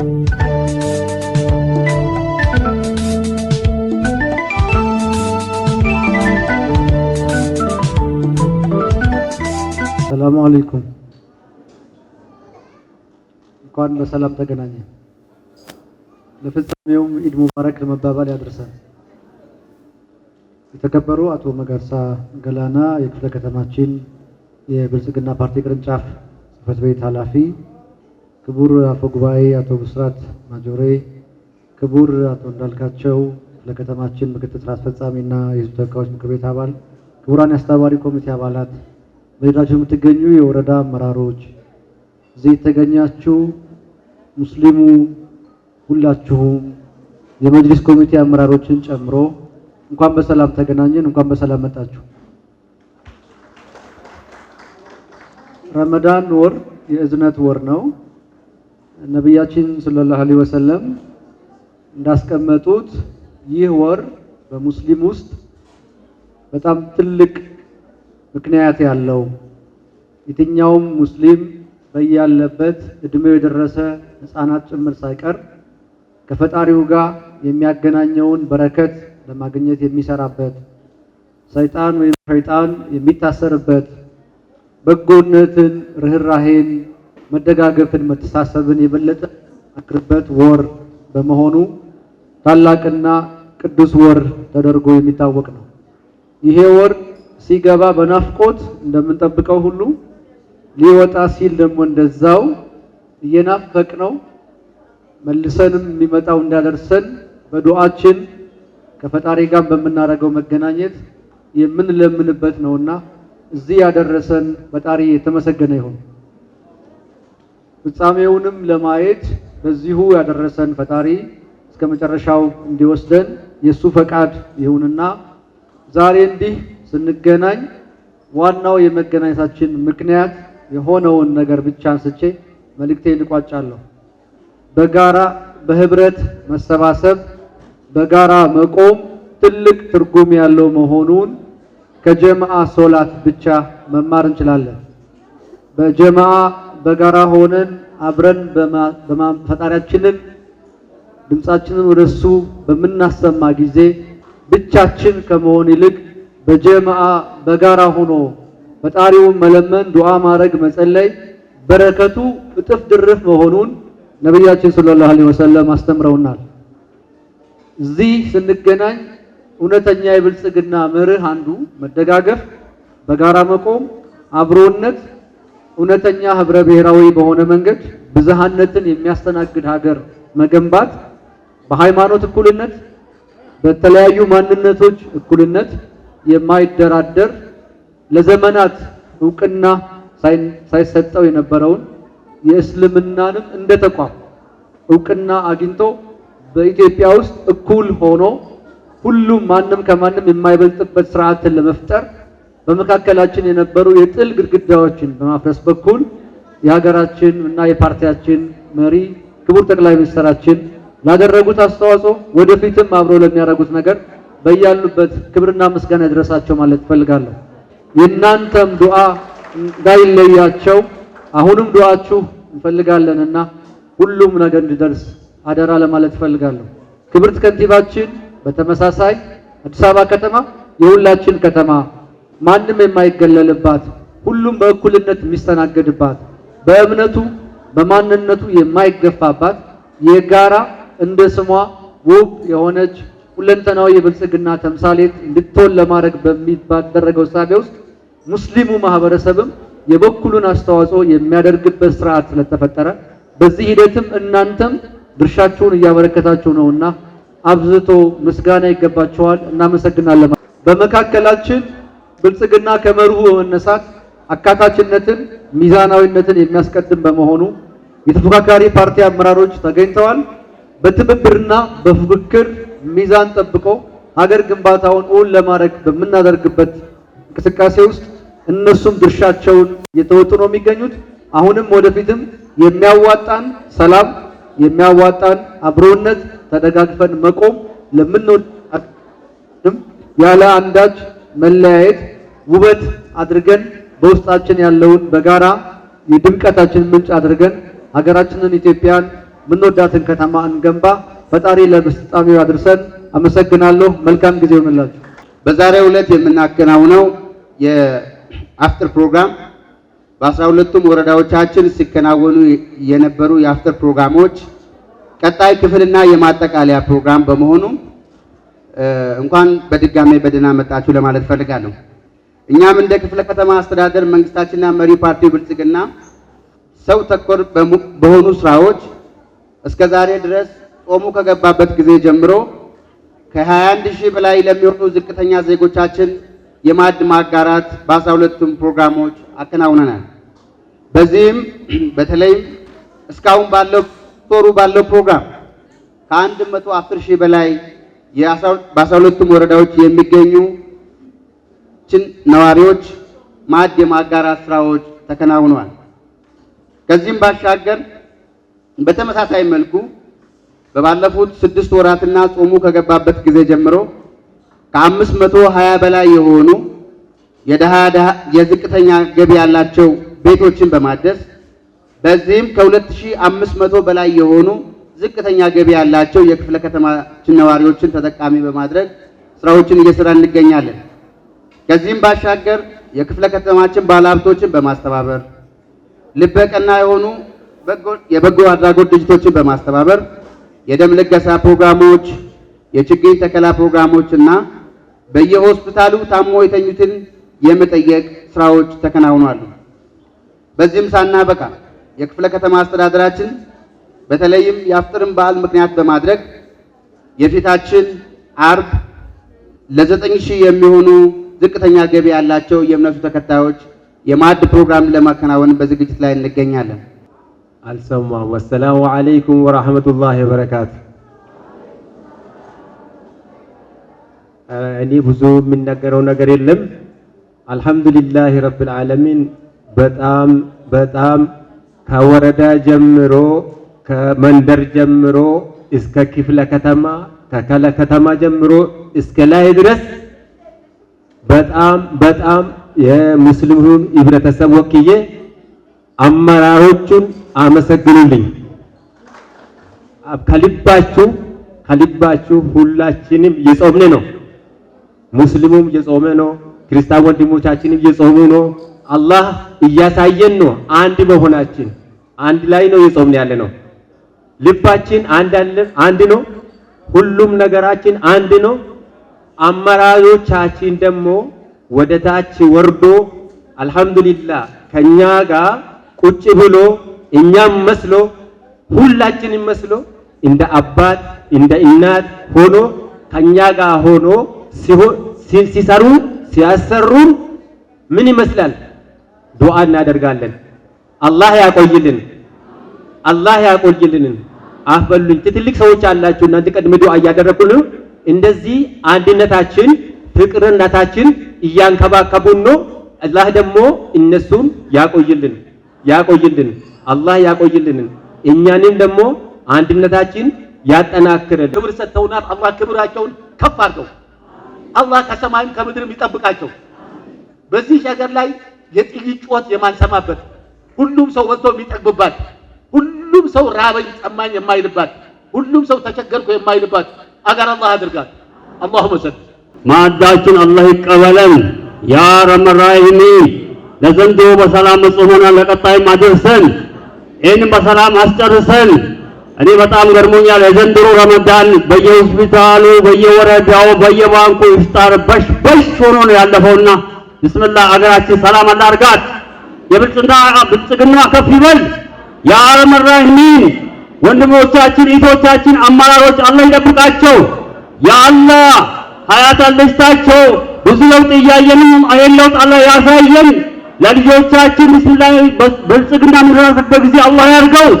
ሰላሙ አለይኩም እንኳን በሰላም ተገናኘ። ለፍጻሜውም ኢድ ሙባረክ ለመባባል ያደርሳል። የተከበሩ አቶ መገርሳ ገላና የክፍለ ከተማችን የብልጽግና ፓርቲ ቅርንጫፍ ጽህፈት ቤት ኃላፊ ክቡር አፈ ጉባኤ አቶ ብስራት ማጆሬ፣ ክቡር አቶ እንዳልካቸው ለከተማችን ምክትል ስራ አስፈጻሚና የህዝብ ተወካዮች ምክር ቤት አባል፣ ክቡራን የአስተባባሪ ኮሚቴ አባላት፣ በሄዳችሁ የምትገኙ የወረዳ አመራሮች፣ እዚህ የተገኛችሁ ሙስሊሙ ሁላችሁም የመጅሊስ ኮሚቴ አመራሮችን ጨምሮ እንኳን በሰላም ተገናኘን፣ እንኳን በሰላም መጣችሁ። ረመዳን ወር የእዝነት ወር ነው። ነቢያችን ሰለላሁ ዐለይሂ ወሰለም እንዳስቀመጡት ይህ ወር በሙስሊም ውስጥ በጣም ትልቅ ምክንያት ያለው የትኛውም ሙስሊም በያለበት እድሜው የደረሰ ህፃናት ጭምር ሳይቀር ከፈጣሪው ጋር የሚያገናኘውን በረከት ለማግኘት የሚሰራበት ሰይጣን ወይም ሸይጣን የሚታሰርበት በጎነትን፣ ርህራሄን? መደጋገፍን፣ መተሳሰብን የበለጠ አክርበት ወር በመሆኑ ታላቅና ቅዱስ ወር ተደርጎ የሚታወቅ ነው። ይሄ ወር ሲገባ በናፍቆት እንደምንጠብቀው ሁሉ ሊወጣ ሲል ደግሞ እንደዛው እየናፈቅ ነው መልሰንም የሚመጣው እንዳደርሰን በዱዓችን ከፈጣሪ ጋር በምናደርገው መገናኘት የምንለምንበት ነውና እዚህ ያደረሰን ፈጣሪ የተመሰገነ ይሁን። ፍጻሜውንም ለማየት በዚሁ ያደረሰን ፈጣሪ እስከ መጨረሻው እንዲወስደን የእሱ ፈቃድ ይሁንና ዛሬ እንዲህ ስንገናኝ ዋናው የመገናኘታችን ምክንያት የሆነውን ነገር ብቻ አንስቼ መልእክቴ እንቋጫለሁ። በጋራ በህብረት መሰባሰብ፣ በጋራ መቆም ትልቅ ትርጉም ያለው መሆኑን ከጀማአ ሶላት ብቻ መማር እንችላለን። በጀማአ በጋራ ሆነን አብረን ፈጣሪያችንን ድምፃችንን ወደ እሱ በምናሰማ ጊዜ ብቻችን ከመሆን ይልቅ በጀማአ በጋራ ሆኖ ፈጣሪውን መለመን፣ ዱዓ ማድረግ፣ መጸለይ በረከቱ እጥፍ ድርፍ መሆኑን ነቢያችን ሰለላሁ ዐለይሂ ወሰለም አስተምረውናል። እዚህ ስንገናኝ እውነተኛ የብልጽግና መርህ አንዱ መደጋገፍ፣ በጋራ መቆም፣ አብሮነት እውነተኛ ህብረ ብሔራዊ በሆነ መንገድ ብዝሃነትን የሚያስተናግድ ሀገር መገንባት በሃይማኖት እኩልነት፣ በተለያዩ ማንነቶች እኩልነት የማይደራደር ለዘመናት እውቅና ሳይሰጠው የነበረውን የእስልምናንም እንደ ተቋም እውቅና አግኝቶ በኢትዮጵያ ውስጥ እኩል ሆኖ ሁሉም ማንም ከማንም የማይበልጥበት ስርዓትን ለመፍጠር በመካከላችን የነበሩ የጥል ግድግዳዎችን በማፍረስ በኩል የሀገራችን እና የፓርቲያችን መሪ ክቡር ጠቅላይ ሚኒስትራችን ላደረጉት አስተዋጽኦ ወደፊትም አብረው ለሚያደርጉት ነገር በያሉበት ክብርና ምስጋና ይድረሳቸው ማለት እፈልጋለሁ። የእናንተም ዱዓ እንዳይለያቸው አሁንም ዱዓችሁ እንፈልጋለንና ሁሉም ነገር እንዲደርስ አደራ ለማለት እፈልጋለሁ። ክብርት ከንቲባችን በተመሳሳይ አዲስ አበባ ከተማ የሁላችን ከተማ ማንም የማይገለልባት ሁሉም በእኩልነት የሚስተናገድባት በእምነቱ በማንነቱ የማይገፋባት የጋራ እንደ ስሟ ውብ የሆነች ሁለንተናዊ የብልጽግና ተምሳሌት እንድትሆን ለማድረግ በሚደረገው ሳቢያ ውስጥ ሙስሊሙ ማህበረሰብም የበኩሉን አስተዋጽኦ የሚያደርግበት ስርዓት ስለተፈጠረ በዚህ ሂደትም እናንተም ድርሻችሁን እያበረከታችሁ ነውና አብዝቶ ምስጋና ይገባችኋል። እናመሰግናለን። በመካከላችን ብልጽግና ከመርሁ በመነሳት አካታችነትን፣ ሚዛናዊነትን የሚያስቀድም በመሆኑ የተፎካካሪ ፓርቲ አመራሮች ተገኝተዋል። በትብብርና በፉክክር ሚዛን ጠብቆ ሀገር ግንባታውን እውን ለማድረግ በምናደርግበት እንቅስቃሴ ውስጥ እነሱም ድርሻቸውን እየተወጡ ነው የሚገኙት። አሁንም ወደፊትም የሚያዋጣን ሰላም፣ የሚያዋጣን አብሮነት፣ ተደጋግፈን መቆም ለምንወድም ያለ አንዳች መለያየት ውበት አድርገን በውስጣችን ያለውን በጋራ የድምቀታችን ምንጭ አድርገን ሀገራችንን ኢትዮጵያን ምንወዳትን ከተማ እንገንባ። ፈጣሪ ለፍጻሜው አድርሰን። አመሰግናለሁ። መልካም ጊዜ ይሆንላችሁ። በዛሬው ዕለት የምናከናውነው የአፍጥር ፕሮግራም በአስራ ሁለቱም ወረዳዎቻችን ሲከናወኑ የነበሩ የአፍጥር ፕሮግራሞች ቀጣይ ክፍልና የማጠቃለያ ፕሮግራም በመሆኑ እንኳን በድጋሜ በደህና መጣችሁ ለማለት ፈልጋለሁ። እኛም እንደ ክፍለ ከተማ አስተዳደር መንግስታችንና መሪ ፓርቲው ብልጽግና ሰው ተኮር በሆኑ ስራዎች እስከ ዛሬ ድረስ ጾሙ ከገባበት ጊዜ ጀምሮ ከ21 ሺህ በላይ ለሚሆኑ ዝቅተኛ ዜጎቻችን የማዕድ ማጋራት በአስራ ፕሮግራሞች አከናውነናል። በዚህም በተለይም እስካሁን ባለው ጦሩ ባለው ፕሮግራም ከ መቶ ሺህ በላይ በአስራ ሁለቱም ወረዳዎች ችን ነዋሪዎች ማዕድ የማጋራት ስራዎች ተከናውነዋል። ከዚህም ባሻገር በተመሳሳይ መልኩ በባለፉት ስድስት ወራትና ጾሙ ከገባበት ጊዜ ጀምሮ ከአምስት መቶ ሀያ በላይ የሆኑ የድሃ ድሃ የዝቅተኛ ገቢ ያላቸው ቤቶችን በማደስ በዚህም ከ 2500 በላይ የሆኑ ዝቅተኛ ገቢ ያላቸው የክፍለ ከተማችን ነዋሪዎችን ተጠቃሚ በማድረግ ስራዎችን እየሰራ እንገኛለን። ከዚህም ባሻገር የክፍለ ከተማችን ባለሀብቶችን በማስተባበር ልበቀና የሆኑ የበጎ አድራጎት ድርጅቶችን በማስተባበር የደም ልገሳ ፕሮግራሞች፣ የችግኝ ተከላ ፕሮግራሞች እና በየሆስፒታሉ ታሞ የተኙትን የመጠየቅ ስራዎች ተከናውኗል። በዚህም ሳናበቃ የክፍለ ከተማ አስተዳደራችን በተለይም የአፍጥርን በዓል ምክንያት በማድረግ የፊታችን አርብ ለዘጠኝ ሺህ የሚሆኑ ዝቅተኛ ገቢ ያላቸው የእምነቱ ተከታዮች የማዕድ ፕሮግራም ለማከናወን በዝግጅት ላይ እንገኛለን። አልሰማም። ወሰላሙ አለይኩም ወራህመቱላሂ ወበረካቱ። እኔ ብዙ የሚናገረው ነገር የለም። አልሐምዱሊላህ ረብል ዓለሚን በጣም በጣም ከወረዳ ጀምሮ ከመንደር ጀምሮ እስከ ክፍለ ከተማ ከከለ ከተማ ጀምሮ እስከ ላይ ድረስ በጣም በጣም የሙስሊሙን ህብረተሰብ ወክዬ አመራሮቹን አመሰግኑልኝ። ከልባችሁ ከልባችሁ ሁላችንም እየጾምን ነው። ሙስሊሙም እየጾመ ነው። ክርስቲያን ወንድሞቻችንም እየጾሙ ነው። አላህ እያሳየን ነው። አንድ መሆናችን አንድ ላይ ነው እየጾምን ያለ ነው። ልባችን አንድ ነው። ሁሉም ነገራችን አንድ ነው። አመራሮቻችን ደግሞ ወደ ታች ወርዶ አልሐምዱሊላ ከኛ ጋር ቁጭ ብሎ እኛም መስሎ ሁላችን መስሎ እንደ አባት እንደ እናት ሆኖ ከኛ ጋር ሆኖ ሲሰሩ ሲያሰሩ ምን ይመስላል? ዱዓ እናደርጋለን። አላህ ያቆይልን። አላህ ያቆይልን። አፈሉኝ ትልቅ ሰዎች አላችሁ እናንተ ቀድሜ ዱአ እያደረኩ ነው። እንደዚህ አንድነታችን ፍቅርነታችን እያንከባከቡን ነው። አላህ ደግሞ እነሱን ያቆይልን ያቆይልን አላህ ያቆይልን። እኛንም ደግሞ አንድነታችን ያጠናክረ ክብር ሰጥተውናል። አላህ ክብራቸውን ከፍ አድርገው አላህ ከሰማይም ከምድርም ይጠብቃቸው። በዚህ ሀገር ላይ የጥይት ጩኸት የማንሰማበት ሁሉም ሰው ወጥቶ የሚጠግብባት ሰው ራበኝ ጠማኝ የማይልባት ሁሉም ሰው ተቸገርኩ የማይልባት አገር አላህ አድርጋት። አላሁመ ሰድ ማዕዳችን አላህ ይቀበለን ያ ረመራይኒ ለዘንድሮ በሰላም መጽሆና ለቀጣይም አድርሰን ይህንም በሰላም አስጨርሰን። እኔ በጣም ገርሞኛል። የዘንድሮ ረመዳን በየሆስፒታሉ፣ በየወረዳው፣ በየባንኩ ኢፍጣር በሽ በሽ ሆኖ ነው ያለፈውና ብስምላ አገራችን ሰላም አላርጋት። የብልጽግና ብልጽግና ከፍ ይበል። የአረመራህሚን ወንድሞቻችን እህቶቻችን አመራሮች አላህ ይጠብቃቸው። የአላህ ሀያት አለስታቸው ብዙ ለውጥ እያየንም አይን ለውጥ አላህ ያሳየን። ለልጆቻችን ብስም ላይ ብልጽግና የምንራስበት ጊዜ አላህ ያድርገው።